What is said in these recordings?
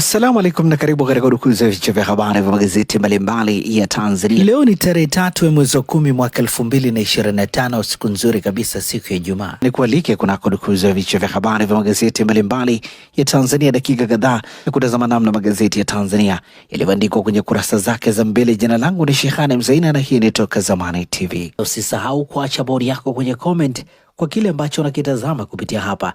Assalamu alaikum na karibu katika udukuzi ya vichwa vya habari vya magazeti mbalimbali ya Tanzania. Leo ni tarehe tatu ya mwezi wa kumi mwaka elfu mbili na ishirini na tano siku nzuri kabisa, siku ya Ijumaa. Ni kualike kunako udukuzi ya vichwa vya habari vya magazeti mbalimbali ya Tanzania, dakika kadhaa ya kutazama namna magazeti ya Tanzania yalivyoandikwa kwenye kurasa zake za mbele. Jina langu ni Shehani Mzaina na hii ni Toka Zamani TV. Usisahau kuacha bodi yako kwenye comment kwa kile ambacho unakitazama kupitia hapa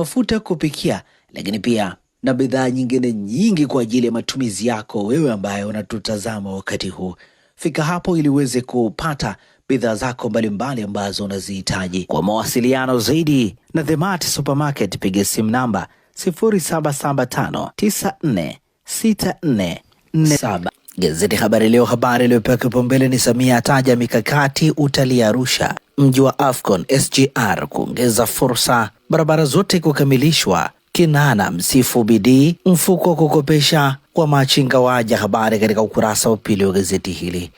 mafuta kupikia, lakini pia na bidhaa nyingine nyingi kwa ajili ya matumizi yako wewe ambaye unatutazama wakati huu. Fika hapo ili uweze kupata bidhaa zako mbalimbali ambazo unazihitaji. Kwa mawasiliano zaidi na Themart Supermarket piga simu namba 0775946447. Gazeti Habari Leo, habari iliyopewa kipaumbele ni Samia ataja mikakati utalii Arusha mji wa Afcon SGR kuongeza fursa, barabara zote kukamilishwa. Kinana msifu bidii mfuko wa kukopesha wa machinga waja, habari katika ukurasa wa pili wa gazeti hili.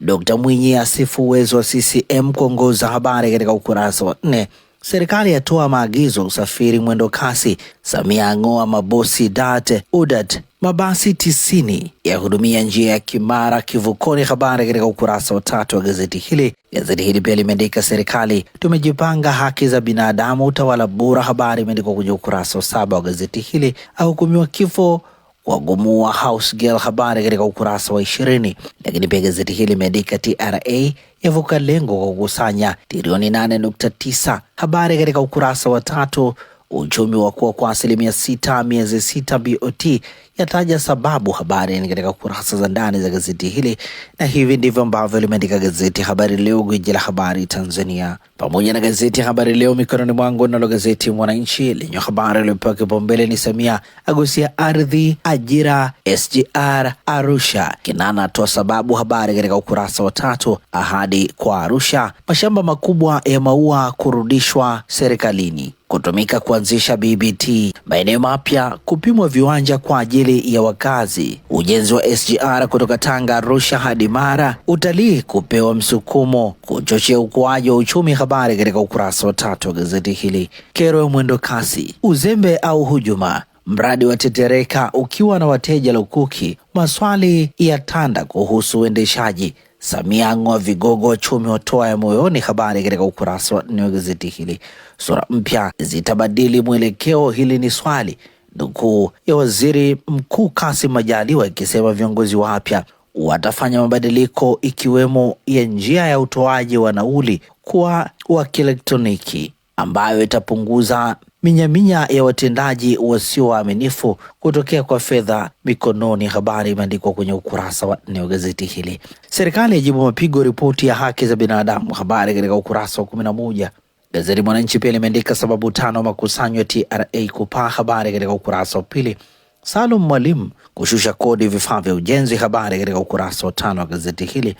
Dkt Mwinyi asifu uwezo wa CCM kuongoza, habari katika ukurasa wa nne. Serikali yatoa maagizo usafiri mwendo kasi. Samia ang'oa mabosi DART, udat. Mabasi tisini ya hudumia njia ya Kimara Kivukoni. Habari katika ukurasa wa tatu wa gazeti hili. Gazeti hili pia limeandika serikali tumejipanga, haki za binadamu, utawala bora. Habari imeandikwa kwenye ukurasa wa saba wa gazeti hili. Ahukumiwa kifo wagumua house girl. Habari katika ukurasa wa ishirini. Lakini pia gazeti hili limeandika TRA yavuka lengo kwa kukusanya trilioni 8.9. Habari katika ukurasa wa tatu. Uchumi wa kuwa kwa asilimia sita miezi sita BOT yataja sababu. Habari ni katika kurasa za ndani za gazeti hili, na hivi ndivyo ambavyo limeandika gazeti Habari Leo, gwiji la habari Tanzania pamoja na gazeti ya Habari Leo mikononi mwangu. Nalo gazeti Mwananchi lenye habari iliyopewa kipaumbele ni Samia agusia ardhi, ajira, SGR Arusha, Kinana atoa sababu, habari katika ukurasa wa tatu. Ahadi kwa Arusha, mashamba makubwa ya maua kurudishwa serikalini kutumika kuanzisha BBT, maeneo mapya kupimwa viwanja kwa ajili ya wakazi, ujenzi wa SGR kutoka Tanga Arusha hadi Mara, utalii kupewa msukumo, kuchochea ukuaji wa uchumi habari katika ukurasa wa tatu wa gazeti hili. Kero ya mwendo kasi, uzembe au hujuma, mradi wa tetereka ukiwa na wateja lukuki, maswali ya tanda kuhusu uendeshaji Samia ng'oa vigogo wachumi watoa ya moyoni. Habari katika ukurasa wa nne wa gazeti hili. Sura mpya zitabadili mwelekeo, hili ni swali nukuu ya waziri mkuu kasim Majaliwa ikisema viongozi wapya watafanya mabadiliko ikiwemo ya njia ya utoaji wa nauli kuwa wa kielektroniki ambayo itapunguza minyaminya ya watendaji wasio waaminifu kutokea kwa fedha mikononi. Habari imeandikwa kwenye ukurasa wa nne wa gazeti hili. Serikali yajibu mapigo ripoti ya haki za binadamu, habari katika ukurasa wa kumi na moja. Gazeti Mwananchi pia limeandika sababu tano makusanyo ya TRA kupaa, habari katika ukurasa wa pili. Salum Mwalimu kushusha kodi vifaa vya ujenzi, habari katika ukurasa wa tano wa gazeti hili,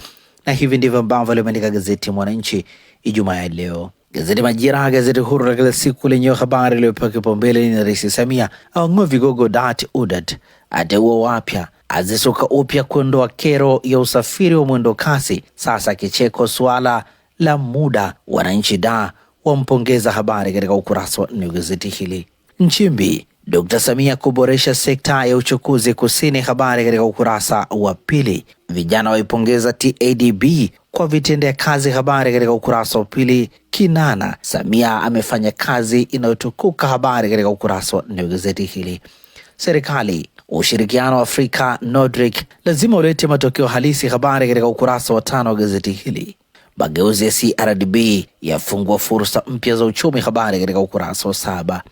na hivi ndivyo ambavyo limeandika gazeti Mwananchi Ijumaa ya leo. Gazeti Majira, gazeti huru la kila siku, lenyewe habari iliyopewa kipaumbele ni Rais Samia aong'oa vigogo dat udat, ateua wapya, azisuka upya kuondoa kero ya usafiri wa mwendo kasi, sasa kicheko suala la muda, wananchi da wampongeza, habari katika ukurasa wa nne wa gazeti hili. Nchimbi Dkt. Samia kuboresha sekta ya uchukuzi kusini. Habari katika ukurasa wa pili. Vijana waipongeza TADB kwa vitendea kazi. Habari katika ukurasa wa pili. Kinana, Samia amefanya kazi inayotukuka. Habari katika ukurasa wa nne wa gazeti hili. Serikali, ushirikiano wa Afrika Nordic lazima ulete matokeo halisi. Habari katika ukurasa wa tano wa gazeti hili. Mageuzi ya CRDB yafungua fursa mpya za uchumi. Habari katika ukurasa wa saba.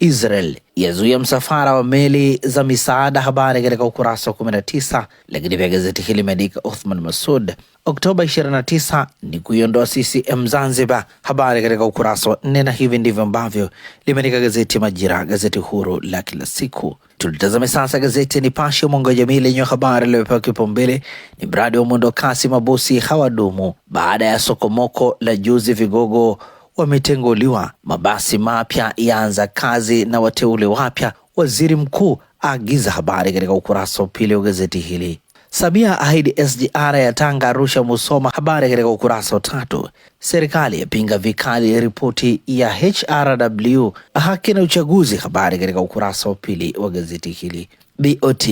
Israel yazuia msafara wa meli za misaada. Habari katika ukurasa wa 19. Lakini pia gazeti hili limeandika Othman Masud Oktoba 29 ni kuiondoa CCM Zanzibar. Habari katika ukurasa wa nne, na hivi ndivyo ambavyo limeandika gazeti Majira, gazeti huru la kila siku. Tulitazame sasa gazeti Nipashe mwanga wa jamii lenye habari iliyopewa kipaumbele ni mradi wa mwendo kasi mabosi hawadumu baada ya sokomoko la juzi vigogo wametenguliwa, mabasi mapya yaanza kazi na wateule wapya, waziri mkuu aagiza habari katika ukurasa wa pili wa gazeti hili. Samia ahidi SGR ya Tanga, Arusha, Musoma. Habari katika ukurasa wa tatu. Serikali yapinga vikali ripoti ya HRW haki na uchaguzi. Habari katika ukurasa wa pili wa gazeti hili. BOT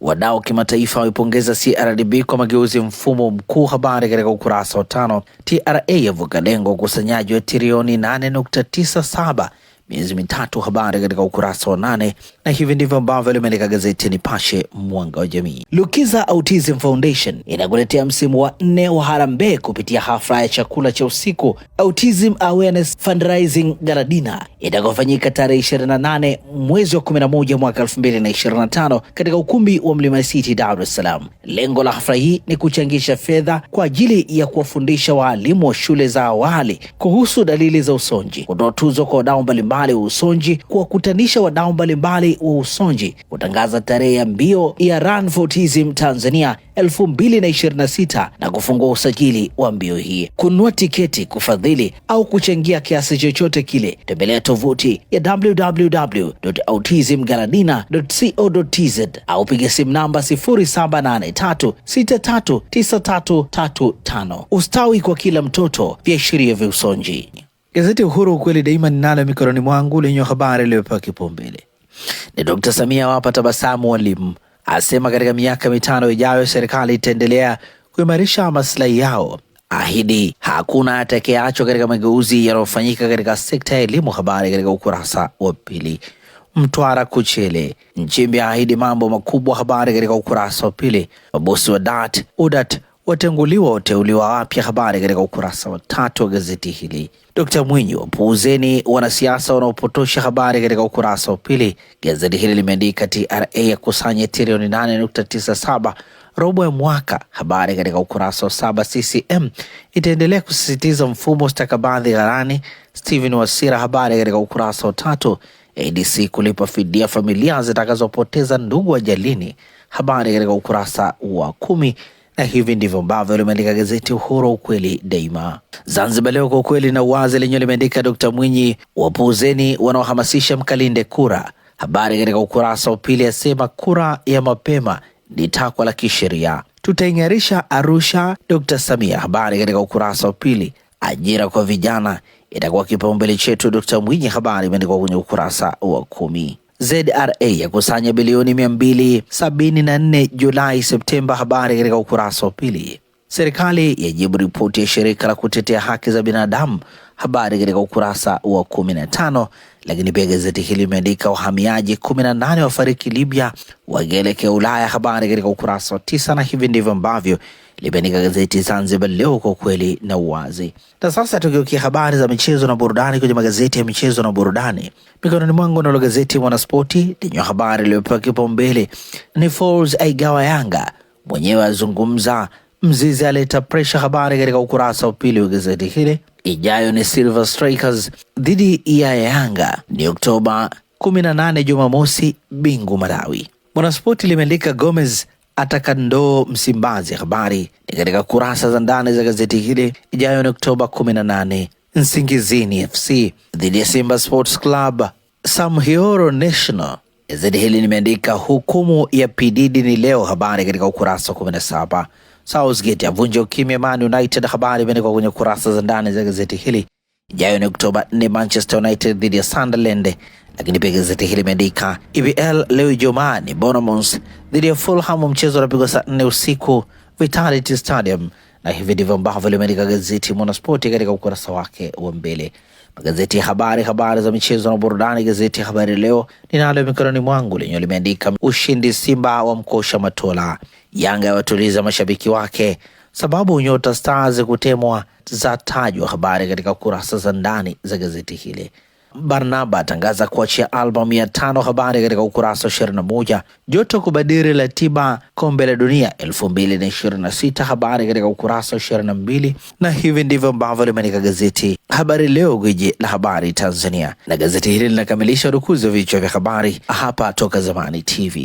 Wadau kimataifa wamepongeza CRDB kwa mageuzi mfumo mkuu. Habari katika ukurasa wa tano. TRA yavuka lengo ukusanyaji wa trilioni 8.97 miezi mitatu. Habari katika ukurasa wa nane, na hivi ndivyo ambavyo limeandika gazeti Nipashe mwanga wa jamii. Lukiza Autism Foundation inakuletea msimu wa nne wa harambee kupitia hafla ya chakula cha usiku Autism Awareness Fundraising Gala Dinner itakayofanyika tarehe 28 mwezi wa 11 mwaka 2025 katika ukumbi wa Mlima City, Dar es Salaam. Lengo la hafla hii ni kuchangisha fedha kwa ajili ya kuwafundisha waalimu wa shule za awali kuhusu dalili za usonji, kutoa tuzo kwa wadau mbalimbali mbalimbali wa Usonji kuwakutanisha wadau mbalimbali wa Usonji kutangaza tarehe ya mbio ya Run for Autism Tanzania 2026 na kufungua usajili wa mbio hii. Kununua tiketi, kufadhili au kuchangia kiasi chochote kile, tembelea tovuti ya www.autismgaladina.co.tz au piga simu namba 0783639335. Ustawi kwa kila mtoto, viashiria vya Usonji. Gazeti Uhuru ukweli daima ninalo mikononi mwangu lenye habari iliyopewa kipaumbele ni Dkt. Samia wapa tabasamu walimu, asema katika miaka mitano ijayo serikali itaendelea kuimarisha maslahi yao, ahidi hakuna atakayeachwa katika mageuzi yanayofanyika katika sekta ya elimu. Habari katika ukurasa wa pili. Mtwara Kuchele, Nchimbi ahidi mambo makubwa. Habari katika ukurasa wa pili. Mabosi wa DAT, UDAT watenguliwa wateuliwa wapya. Habari katika ukurasa wa tatu wa gazeti hili. Dkt Mwinyi, wapuuzeni wanasiasa wanaopotosha habari, katika ukurasa wa pili. Gazeti hili limeandika TRA ya kusanya trilioni 8.97 robo ya mwaka. Habari katika ukurasa wa saba. CCM itaendelea kusisitiza mfumo stakabadhi gharani, Stephen Wasira. Habari katika ukurasa wa tatu. ADC kulipa fidia familia zitakazopoteza ndugu ajalini. Habari katika ukurasa wa kumi na hivi ndivyo ambavyo limeandika gazeti Uhuru, ukweli daima. Zanzibar Leo, kwa ukweli na uwazi, lenyewe limeandika Dkt Mwinyi, wapuuzeni wanaohamasisha mkalinde kura. Habari katika ukurasa wa pili asema kura ya mapema ni takwa la kisheria, tutaing'arisha Arusha Dkt Samia. Habari katika ukurasa wa pili. Ajira kwa vijana itakuwa kipaumbele chetu Dkt Mwinyi, habari imeandikwa kwenye ukurasa wa kumi. ZRA yakusanya bilioni 274 Julai Septemba. Habari katika ukurasa wa pili. Serikali yajibu ripoti ya shirika la kutetea haki za binadamu. Habari katika ukurasa wa 15. Lakini pia gazeti hili limeandika wahamiaji 18 wafariki Libya wakielekea Ulaya. Habari katika ukurasa wa tisa, na hivi ndivyo ambavyo limeandika gazeti Zanzibar Leo kwa ukweli na uwazi. Na sasa tukiokia habari za michezo na burudani kwenye magazeti ya michezo na burudani mikononi mwangu, nalo gazeti Mwanaspoti lenye habari iliyopewa kipaumbele ni Falls aigawa Yanga, mwenyewe azungumza, Mzizi aleta presha, habari katika ukurasa wa pili wa gazeti hili. Ijayo ni Silver Strikers dhidi ya Yanga ni Oktoba 18 Jumamosi, Bingu Malawi. Mwanaspoti limeandika Gomez ataka ndoo Msimbazi. Habari ni katika kurasa za ndani za gazeti hili. Ijayo ni Oktoba 18 Nsingizini FC dhidi ya Simba Sports Club Samhioro National. Gazeti hili limeandika hukumu ya pididi ni leo, habari katika ukurasa wa 17. Southgate avunja ukimya Man United, habari imeandikwa kwenye kurasa za ndani za gazeti hili. Ijayo ni Oktoba 4 Manchester United dhidi ya Sunderland lakini pia gazeti hili limeandika EPL leo Ijumaa ni Bournemouth dhidi ya Fulham, mchezo unapigwa saa nne usiku Vitality Stadium, na hivi ndivyo ambavyo limeandika gazeti Mwanaspoti katika ukurasa wake wa mbele. Magazeti ya habari, habari za michezo na burudani. Gazeti ya Habari Leo ninalo mikononi mwangu, lenyewe limeandika ushindi Simba wa mkosha Matola, Yanga yawatuliza mashabiki wake, sababu nyota Stars kutemwa za tajwa, habari katika kurasa za ndani za gazeti hili. Barnaba atangaza kuachia albamu ya tano. Habari katika ukurasa wa ishirini na moja. Joto kubadiri ratiba kombe la dunia elfu mbili na ishirini na sita. Habari katika ukurasa wa ishirini na mbili, na hivi ndivyo ambavyo limeandika gazeti Habari Leo, gwiji la habari Tanzania, na gazeti hili linakamilisha urukuzi wa vichwa vya habari hapa Toka Zamani TV.